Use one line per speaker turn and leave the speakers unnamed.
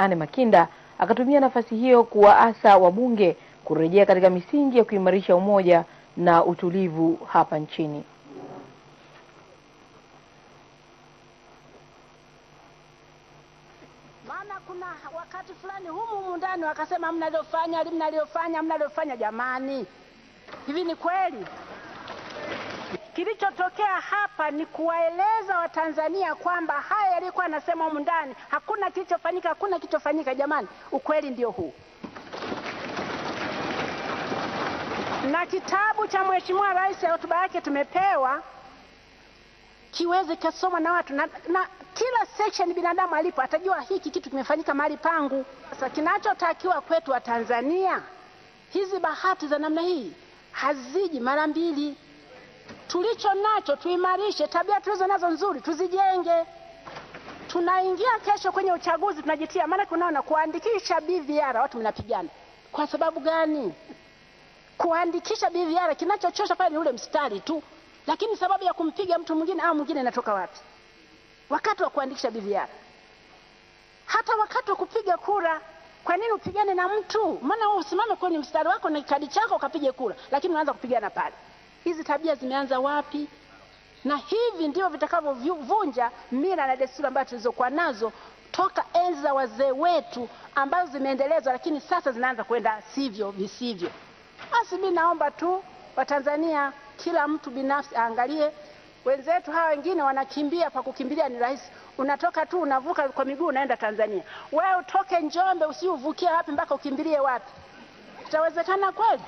Anne Makinda akatumia nafasi hiyo kuwaasa wabunge kurejea katika misingi ya kuimarisha umoja na utulivu hapa nchini.
Maana kuna wakati fulani humu humu ndani wakasema mnalofanya, mnalofanya, mnalofanya. Jamani, hivi ni kweli? Kilichotokea hapa ni kuwaeleza Watanzania kwamba haya yalikuwa anasema humu ndani, hakuna kilichofanyika, hakuna kilichofanyika. Jamani, ukweli ndio huu. Na kitabu cha Mheshimiwa Rais, ya hotuba yake tumepewa, kiweze kasoma na watu na, na kila section binadamu alipo atajua hiki kitu kimefanyika mahali pangu. Sasa kinachotakiwa kwetu Watanzania, hizi bahati za namna hii haziji mara mbili tulicho nacho tuimarishe, tabia tulizo nazo nzuri tuzijenge. Tunaingia kesho kwenye uchaguzi tunajitia, maana. unaona kuandikisha BVR watu mnapigana kwa sababu gani? Kuandikisha BVR kinachochosha pale ni ule mstari tu, lakini sababu ya kumpiga mtu mwingine au mwingine inatoka wapi? Wakati wa kuandikisha BVR, hata wakati wa kupiga kura kwa nini upigane na mtu? Maana wewe usimame kwenye mstari wako na kadi chako ukapige kura, lakini unaanza kupigana pale hizi tabia zimeanza wapi, na hivi ndivyo vitakavyovunja mila na desturi ambazo tulizokuwa nazo toka enzi za wazee wetu ambazo zimeendelezwa, lakini sasa zinaanza kwenda sivyo visivyo. Basi mimi naomba tu Watanzania, kila mtu binafsi aangalie wenzetu hawa wengine wanakimbia, pa kukimbilia ni rahisi. Unatoka tu unavuka kwa miguu unaenda Tanzania. Wewe utoke Njombe usiuvukie wapi mpaka ukimbilie wapi? Itawezekana kweli?